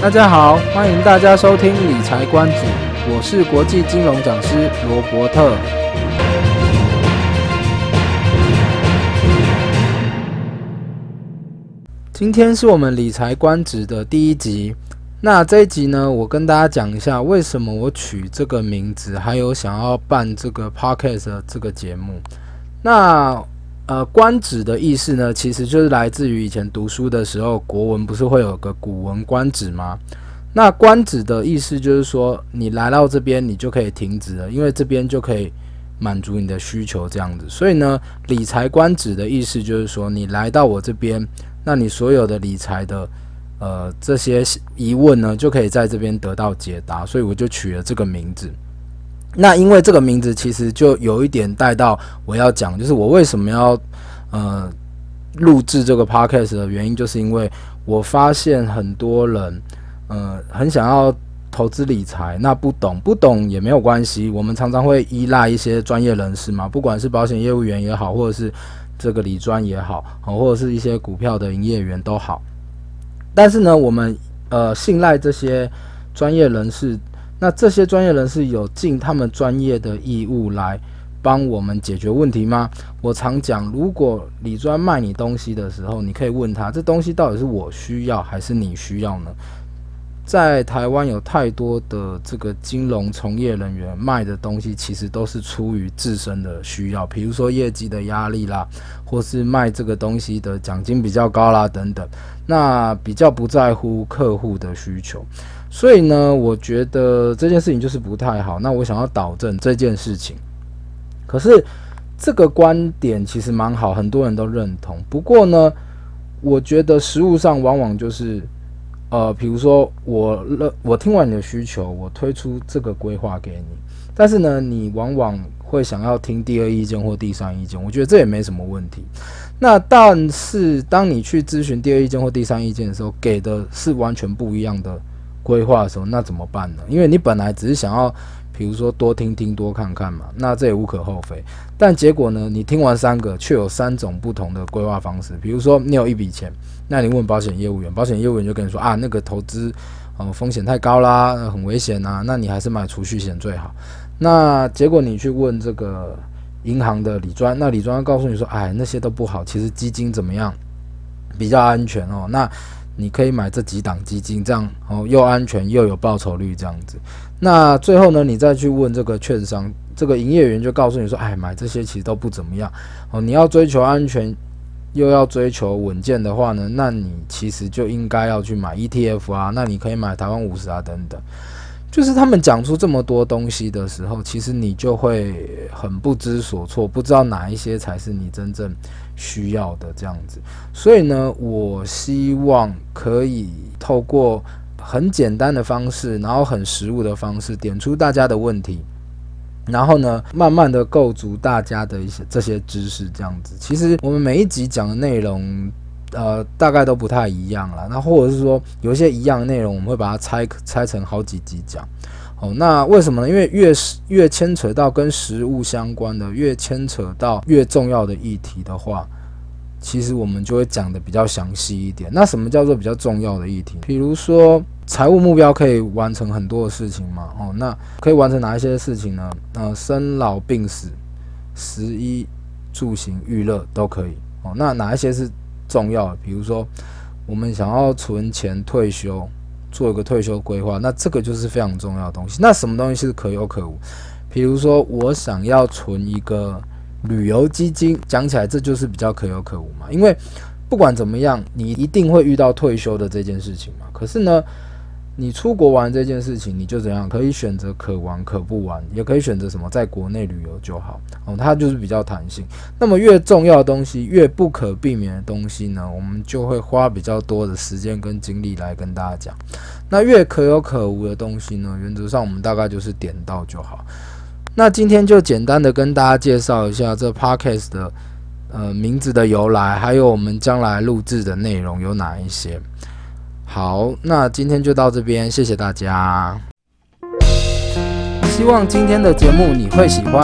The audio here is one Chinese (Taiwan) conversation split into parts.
大家好，歡迎大家收聽理財觀止，我是國際金融講師羅伯特。今天是我們理財觀止的第一集，那這一集呢，我跟大家講一下為什麼我取這個名字，還有想要辦這個 podcast 這個節目。那呃，觀止的意思呢，其實就是來自於以前讀書的時候，國文不是會有個古文觀止嗎？那觀止的意思就是說，你來到這邊，你就可以停止了，因為這邊就可以滿足你的需求，這樣子。所以呢，理財觀止的意思就是說，你來到我這邊，那你所有的理財的，呃，這些疑問呢，就可以在這邊得到解答，所以我就取了這個名字。那因為這個名字其實就有一點帶到我要講，就是我為什麼要呃錄製這個 podcast 的原因，就是因為我發現很多人呃很想要投資理財，那不懂不懂也沒有關係，我們常常會依賴一些專業人士嘛，不管是保險業務員也好，或者是這個理專也好，或者是一些股票的營業員都好，但是呢，我們呃信賴這些專業人士。那這些專業人士有盡他們專業的義務來幫我們解決問題嗎？我常講，如果理專賣你東西的時候，你可以問他，這東西到底是我需要還是你需要呢？在台灣有太多的這個金融從業人員賣的東西，其實都是出於自身的需要，比如說業績的壓力啦，或是賣這個東西的獎金比較高啦等等，那比較不在乎客戶的需求。所以呢，我覺得這件事情就是不太好。那我想要導正這件事情，可是這個觀點其實蠻好，很多人都認同。不過呢，我覺得實務上往往就是，呃，比如說我了，我聽完你的需求，我推出這個規劃給你。但是呢，你往往會想要聽第二意見或第三意見。我覺得這也沒什麼問題。那但是當你去諮詢第二意見或第三意見的時候，給的是完全不一樣的。規劃的時候，那怎麼辦呢？因為你本來只是想要，比如說多聽聽、多看看嘛，那這也無可厚非。但結果呢，你聽完三個，卻有三種不同的規劃方式。比如說你有一筆錢，那你問保險業務員，保險業務員就跟你說啊，那個投資嗯、呃，風險太高啦，很危險吶、啊，那你還是買儲蓄險最好。那結果你去問這個銀行的理專，那理專告訴你說，哎，那些都不好，其實基金怎麼樣比較安全哦。那你可以買這幾檔基金，這樣哦，又安全又有報酬率，這樣子。那最後呢，你再去問這個券商，這個營業員就告訴你說，哎，買這些其實都不怎麼樣哦。你要追求安全，又要追求穩健的話呢，那你其實就應該要去買 ETF 啊，那你可以買台灣五十啊，等等。就是他們講出這麼多東西的時候，其實你就會很不知所措，不知道哪一些才是你真正需要的這樣子。所以呢，我希望可以透過很簡單的方式，然後很實務的方式，點出大家的問題，然後呢，慢慢的構築大家的一些這些知識這樣子。其實我們每一集講的內容。呃，大概都不太一樣了。那或者是說，有一些一樣的內容，我們會把它拆拆成好幾集講。哦，那為什麼呢？因為越是越牽扯到跟實務相關的，越牽扯到越重要的議題的話，其實我們就會講得比較詳細一點。那什麼叫做比較重要的議題？比如說，財務目標可以完成很多的事情嘛？哦，那可以完成哪一些事情呢？呃，生老病死、食衣住行、娛樂都可以。哦，那哪一些是？重要，比如說，我們想要存錢退休，做一個退休規劃，那這個就是非常重要的東西。那什麼東西是可有可無？比如說，我想要存一個旅遊基金，講起來這就是比較可有可無嘛。因為不管怎麼樣，你一定會遇到退休的這件事情嘛。可是呢？你出國玩這件事情，你就怎樣可以選擇可玩可不玩，也可以選擇什麼在國內旅遊就好。哦，它就是比較彈性。那麼越重要的東西、越不可避免的東西呢，我們就會花比較多的時間跟精力來跟大家講。那越可有可無的東西呢，原則上我們大概就是點到就好。那今天就簡單的跟大家介紹一下這 Podcast 的呃名字的由來，還有我們將來錄制的內容有哪一些。好，那今天就到這邊，謝謝大家。希望今天的節目你會喜歡。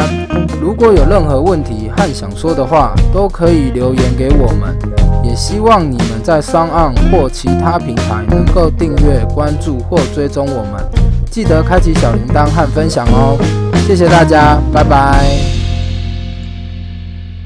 如果有任何問題和想說的話，都可以留言給我們。也希望你們在 SoundOn 或其他平台能夠訂閱、關注或追蹤我們。記得開啟小鈴鐺和分享哦。謝謝大家，拜拜。